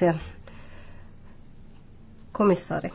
Kiitoksia. Komissaari.